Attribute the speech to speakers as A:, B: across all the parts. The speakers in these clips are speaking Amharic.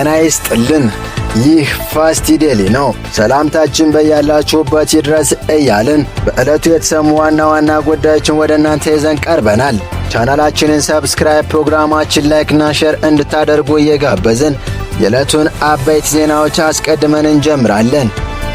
A: ጤና ይስጥልን። ይህ ፋስቲ ዴሊ ነው። ሰላምታችን በያላችሁበት ይድረስ እያልን በዕለቱ የተሰሙ ዋና ዋና ጉዳዮችን ወደ እናንተ ይዘን ቀርበናል። ቻናላችንን ሰብስክራይብ፣ ፕሮግራማችን ላይክና ሼር እንድታደርጉ እየጋበዝን የዕለቱን አበይት ዜናዎች አስቀድመን እንጀምራለን።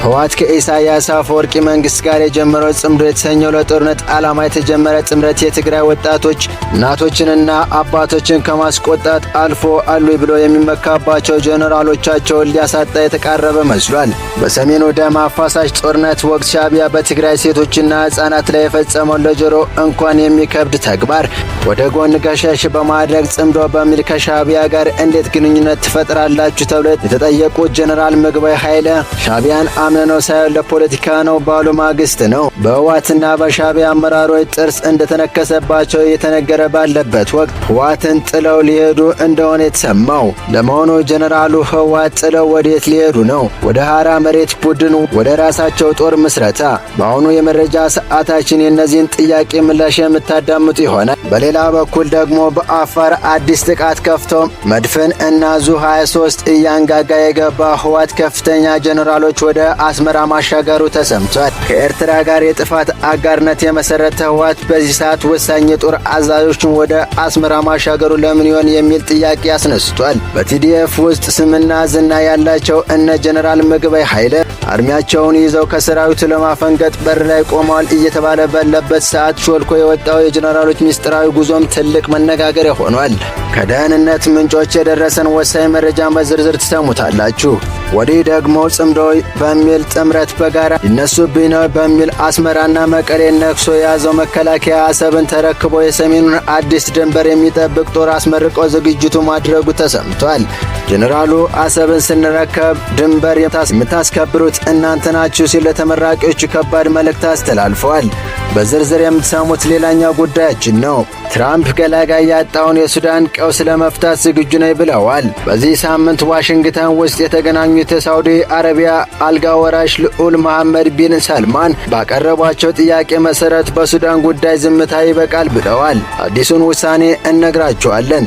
A: ህወሓት ከኢሳያስ አፈወርቂ መንግስት ጋር የጀመረው ጽምዶ የተሰኘው ለጦርነት ዓላማ የተጀመረ ጥምረት የትግራይ ወጣቶች እናቶችንና አባቶችን ከማስቆጣት አልፎ አሉ ብሎ የሚመካባቸው ጀኔራሎቻቸውን ሊያሳጣ የተቃረበ መስሏል። በሰሜኑ ደም አፋሳሽ ጦርነት ወቅት ሻቢያ በትግራይ ሴቶችና ህጻናት ላይ የፈጸመው ለጆሮ እንኳን የሚከብድ ተግባር ወደ ጎን ገሸሽ በማድረግ ጽምዶ በሚል ከሻቢያ ጋር እንዴት ግንኙነት ትፈጥራላችሁ ተብሎ የተጠየቁት ጀኔራል ምግባይ ኃይለ ሻቢያን ነው ሳይሆን ለፖለቲካ ነው ባሉ ማግስት ነው በህዋትና በሻቢያ አመራሮች ጥርስ እንደተነከሰባቸው እየተነገረ ባለበት ወቅት ህዋትን ጥለው ሊሄዱ እንደሆነ የተሰማው። ለመሆኑ ጀነራሉ ህዋት ጥለው ወዴት ሊሄዱ ነው? ወደ ሀራ መሬት ቡድን፣ ወደ ራሳቸው ጦር ምስረታ? በአሁኑ የመረጃ ሰዓታችን የእነዚህን ጥያቄ ምላሽ የምታዳምጡ ይሆናል። በሌላ በኩል ደግሞ በአፋር አዲስ ጥቃት ከፍቶ መድፍን እና ዙ 23 እያንጋጋ የገባ ህዋት ከፍተኛ ጀኔራሎች ወደ አስመራ ማሻገሩ ተሰምቷል። ከኤርትራ ጋር የጥፋት አጋርነት የመሰረተ ህዋት በዚህ ሰዓት ወሳኝ የጦር አዛዦችን ወደ አስመራ ማሻገሩ ለምን ይሆን የሚል ጥያቄ አስነስቷል። በቲዲኤፍ ውስጥ ስምና ዝና ያላቸው እነ ጀኔራል ምግበይ ኃይለ አርሚያቸውን ይዘው ከሰራዊቱ ለማፈንገጥ በር ላይ ቆመዋል እየተባለ ባለበት ሰዓት ሾልኮ የወጣው የጀኔራሎች ሚስጥራ ሰላማዊ ጉዞም ትልቅ መነጋገሪያ ሆኗል። ከደህንነት ምንጮች የደረሰን ወሳኝ መረጃን በዝርዝር ትሰሙታላችሁ። ወዲህ ደግሞ ጽምዶ በሚል ጥምረት በጋራ ሊነሱብኝ ነው በሚል አስመራና መቀሌን ነክሶ የያዘው መከላከያ አሰብን ተረክቦ የሰሜኑን አዲስ ድንበር የሚጠብቅ ጦር አስመርቆ ዝግጅቱ ማድረጉ ተሰምቷል። ጀኔራሉ አሰብን ስንረከብ ድንበር የምታስከብሩት እናንተ ናችሁ ሲል ለተመራቂዎቹ ከባድ መልእክት አስተላልፈዋል። በዝርዝር የምትሰሙት ሌላኛው ጉዳያችን ነው። ትራምፕ ገላጋይ ያጣውን የሱዳን ቀውስ ለመፍታት ዝግጁ ነኝ ብለዋል። በዚህ ሳምንት ዋሽንግተን ውስጥ የተገናኙ ባለቤተ ሳውዲ አረቢያ አልጋ ወራሽ ልዑል መሐመድ ቢን ሰልማን ባቀረቧቸው ጥያቄ መሰረት በሱዳን ጉዳይ ዝምታ ይበቃል ብለዋል። አዲሱን ውሳኔ እነግራችኋለን።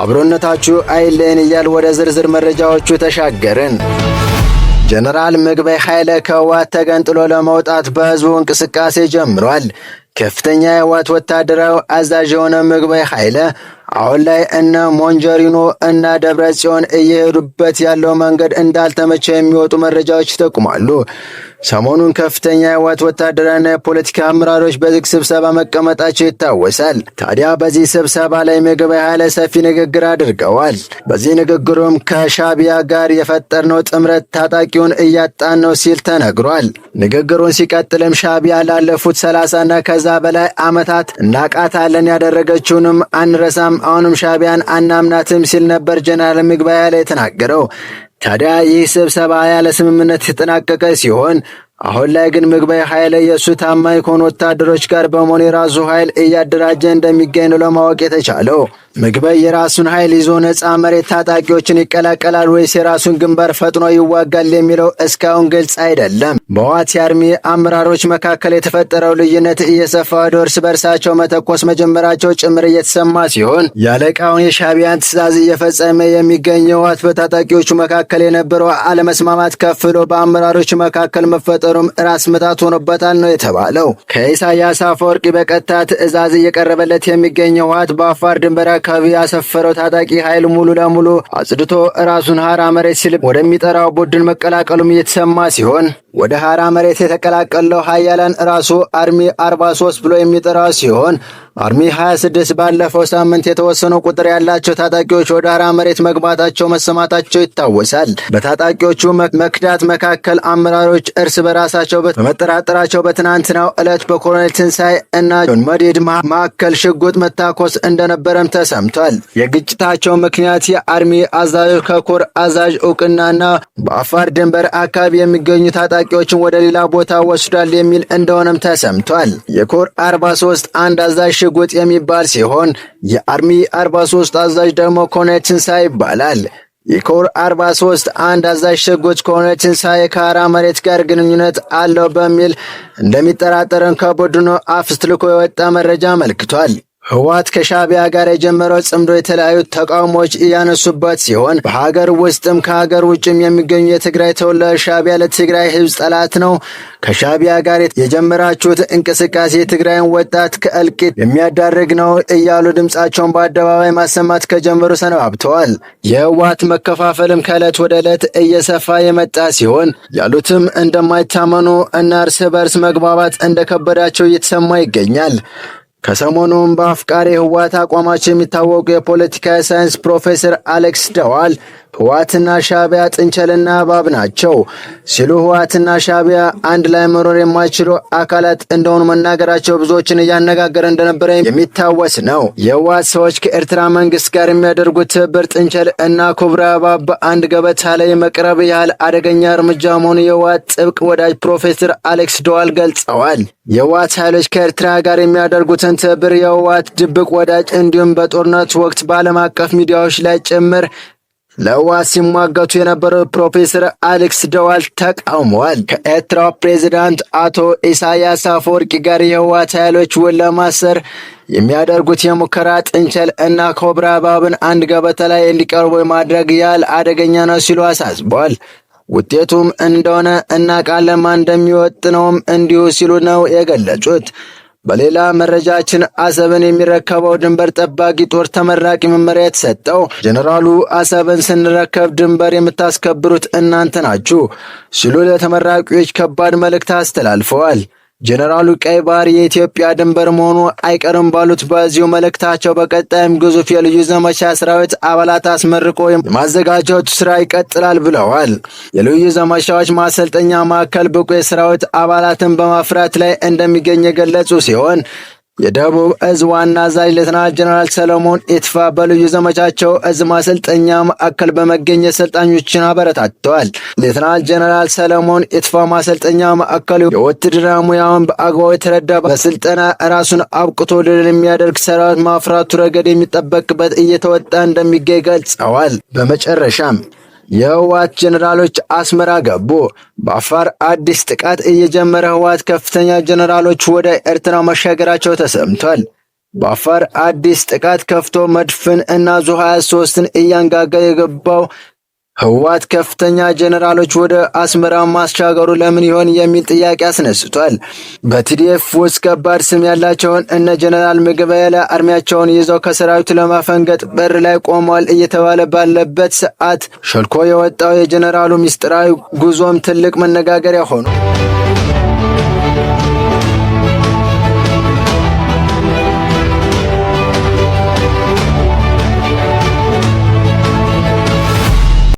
A: አብሮነታችሁ አይለን እያል ወደ ዝርዝር መረጃዎቹ ተሻገርን። ጀነራል ምግበይ ኃይለ ከህወሓት ተገንጥሎ ለመውጣት በህዝቡ እንቅስቃሴ ጀምሯል። ከፍተኛ የህወሓት ወታደራዊ አዛዥ የሆነ ምግበይ ኃይለ አሁን ላይ እነ ሞንጀሪኖ እና ደብረ ጽዮን እየሄዱበት ያለው መንገድ እንዳልተመቸ የሚወጡ መረጃዎች ይጠቁማሉ። ሰሞኑን ከፍተኛ የህወሓት ወታደራዊና የፖለቲካ አመራሮች በዝግ ስብሰባ መቀመጣቸው ይታወሳል። ታዲያ በዚህ ስብሰባ ላይ ምግበይ ኃይለ ሰፊ ንግግር አድርገዋል። በዚህ ንግግሩም ከሻቢያ ጋር የፈጠርነው ጥምረት ታጣቂውን እያጣን ነው ሲል ተነግሯል። ንግግሩን ሲቀጥልም ሻቢያ ላለፉት ሰላሳና ከ ከዛ በላይ አመታት እናቃታለን ያደረገችውንም አንረሳም፣ አሁንም ሻቢያን አናምናትም ሲል ነበር ጀነራል ምግበይ ያለ የተናገረው። ታዲያ ይህ ስብሰባ ያለ ስምምነት የተጠናቀቀ ሲሆን አሁን ላይ ግን ምግበይ ኃይለ የእሱ ታማኝ ከሆኑ ወታደሮች ጋር በመሆን የራሱ ኃይል እያደራጀ እንደሚገኝ ለማወቅ የተቻለው ምግበይ የራሱን ኃይል ይዞ ነፃ መሬት ታጣቂዎችን ይቀላቀላል ወይስ የራሱን ግንባር ፈጥኖ ይዋጋል የሚለው እስካሁን ግልጽ አይደለም። በዋት የአርሚ አመራሮች መካከል የተፈጠረው ልዩነት እየሰፋ ወደ እርስ በርሳቸው መተኮስ መጀመራቸው ጭምር እየተሰማ ሲሆን ያለቃውን የሻቢያን ትዕዛዝ እየፈጸመ የሚገኘው ዋት በታጣቂዎቹ መካከል የነበረው አለመስማማት ከፍሎ በአመራሮች መካከል መፈጠሩም ራስ ምታት ሆኖበታል ነው የተባለው። ከኢሳያስ አፈወርቂ በቀጥታ ትዕዛዝ እየቀረበለት የሚገኘው ዋት በአፋር ድንበራ አካባቢ ያሰፈረው ታጣቂ ኃይል ሙሉ ለሙሉ አጽድቶ ራሱን ሀራ መሬት ሲል ወደሚጠራው ቡድን መቀላቀሉም እየተሰማ ሲሆን ወደ ሀራ መሬት የተቀላቀለው ሀያላን ራሱ አርሚ 43 ብሎ የሚጠራው ሲሆን አርሚ 26 ባለፈው ሳምንት የተወሰኑ ቁጥር ያላቸው ታጣቂዎች ወደ አራ መሬት መግባታቸው መሰማታቸው ይታወሳል። በታጣቂዎቹ መክዳት መካከል አመራሮች እርስ በራሳቸው በመጠራጠራቸው በትናንትናው ዕለት በኮሎኔል ትንሣኤ እና ጆን መዲድ ሽጉጥ መታኮስ እንደነበረም ተሰምቷል። የግጭታቸው ምክንያት የአርሚ አዛዦች ከኮር አዛዥ እውቅናና በአፋር ድንበር አካባቢ የሚገኙ ታጣቂዎችን ወደ ሌላ ቦታ ወስዷል የሚል እንደሆነም ተሰምቷል። የኮር 43 አንድ አዛዥ ጎጥ የሚባል ሲሆን የአርሚ 43 አዛዥ ደግሞ ኮሎኔል ትንሳኤ ይባላል። የኮር 43 አንድ አዛዥ ሸጎች ከሆነ ትንሣኤ ከአራ መሬት ጋር ግንኙነት አለው በሚል እንደሚጠራጠረን ከቡድኑ አፍስ ልኮ የወጣ መረጃ አመልክቷል። ህወሓት ከሻቢያ ጋር የጀመረው ጽምዶ የተለያዩ ተቃውሞዎች እያነሱበት ሲሆን በሀገር ውስጥም ከሀገር ውጭም የሚገኙ የትግራይ ተወላጆች ሻቢያ ለትግራይ ህዝብ ጠላት ነው፣ ከሻቢያ ጋር የጀመራችሁት እንቅስቃሴ የትግራይን ወጣት ከእልቂት የሚያዳርግ ነው እያሉ ድምፃቸውን በአደባባይ ማሰማት ከጀመሩ ሰነባብተዋል። የህወሓት መከፋፈልም ከዕለት ወደ ዕለት እየሰፋ የመጣ ሲሆን ያሉትም እንደማይታመኑ እና እርስ በርስ መግባባት እንደከበዳቸው እየተሰማ ይገኛል። ከሰሞኑም በአፍቃሪ ህወሓት አቋማቸው የሚታወቁ የፖለቲካ ሳይንስ ፕሮፌሰር አሌክስ ደዋል ህወሓትና ሻቢያ ጥንቸልና እባብ ናቸው ሲሉ ህወሓትና ሻቢያ አንድ ላይ መኖር የማይችሉ አካላት እንደሆኑ መናገራቸው ብዙዎችን እያነጋገረ እንደነበረ የሚታወስ ነው። የህወሓት ሰዎች ከኤርትራ መንግስት ጋር የሚያደርጉት ትብብር ጥንቸል እና ኩብራ እባብ በአንድ ገበታ ላይ መቅረብ ያህል አደገኛ እርምጃ መሆኑ የህወሓት ጥብቅ ወዳጅ ፕሮፌሰር አሌክስ ደዋል ገልጸዋል። የህወሓት ኃይሎች ከኤርትራ ጋር የሚያደርጉትን ትብብር የህወሓት ድብቅ ወዳጅ እንዲሁም በጦርነት ወቅት በዓለም አቀፍ ሚዲያዎች ላይ ጭምር ለህወሓት ሲሟገቱ የነበረው ፕሮፌሰር አሌክስ ደዋል ተቃውመዋል። ከኤርትራው ፕሬዚዳንት አቶ ኢሳያስ አፈወርቂ ጋር የህወሓት ኃይሎች ውል ለማሰር የሚያደርጉት የሙከራ ጥንቸል እና ኮብራ እባብን አንድ ገበታ ላይ እንዲቀርቡ ማድረግ ያህል አደገኛ ነው ሲሉ አሳስበዋል። ውጤቱም እንደሆነ እናቃለማ ማን እንደሚወጥ ነውም እንዲሁ ሲሉ ነው የገለጹት። በሌላ መረጃችን አሰብን የሚረከበው ድንበር ጠባቂ ጦር ተመራቂ መመሪያ የተሰጠው ጀኔራሉ አሰብን ስንረከብ ድንበር የምታስከብሩት እናንተ ናችሁ ሲሉ ለተመራቂዎች ከባድ መልእክት አስተላልፈዋል። ጀነራሉ ቀይ ባህር የኢትዮጵያ ድንበር መሆኑ አይቀርም ባሉት በዚሁ መልእክታቸው በቀጣይም ግዙፍ የልዩ ዘመቻ ሰራዊት አባላት አስመርቆ የማዘጋጀቱ ስራ ይቀጥላል ብለዋል። የልዩ ዘመቻዎች ማሰልጠኛ ማዕከል ብቁ የሰራዊት አባላትን በማፍራት ላይ እንደሚገኝ የገለጹ ሲሆን የደቡብ እዝ ዋና አዛዥ ሌተናል ጀነራል ሰለሞን ኢትፋ በልዩ ዘመቻቸው እዝ ማሰልጠኛ ማዕከል በመገኘት ሰልጣኞችን አበረታተዋል። ሌተናል ጀነራል ሰለሞን ኢትፋ ማሰልጠኛ ማዕከሉ የውትድርና ሙያውን በአግባቡ የተረዳ በስልጠና ራሱን አብቅቶ ድል የሚያደርግ ሰራዊት ማፍራቱ ረገድ የሚጠበቅበት እየተወጣ እንደሚገኝ ገልጸዋል። በመጨረሻም የህወሓት ጀነራሎች አስመራ ገቡ። በአፋር አዲስ ጥቃት እየጀመረ ህወሓት ከፍተኛ ጀነራሎች ወደ ኤርትራ መሻገራቸው ተሰምቷል። በአፋር አዲስ ጥቃት ከፍቶ መድፍን እና ዙ 23ን እያንጋጋ የገባው ህወሓት ከፍተኛ ጀኔራሎች ወደ አስመራ ማስቻገሩ ለምን ይሆን የሚል ጥያቄ አስነስቷል። በቲዲኤፍ ውስጥ ከባድ ስም ያላቸውን እነ ጀኔራል ምግበ የለ አርሚያቸውን ይዘው ከሰራዊቱ ለማፈንገጥ በር ላይ ቆመዋል እየተባለ ባለበት ሰዓት ሾልኮ የወጣው የጀኔራሉ ሚስጥራዊ ጉዞም ትልቅ መነጋገሪያ ሆኑ።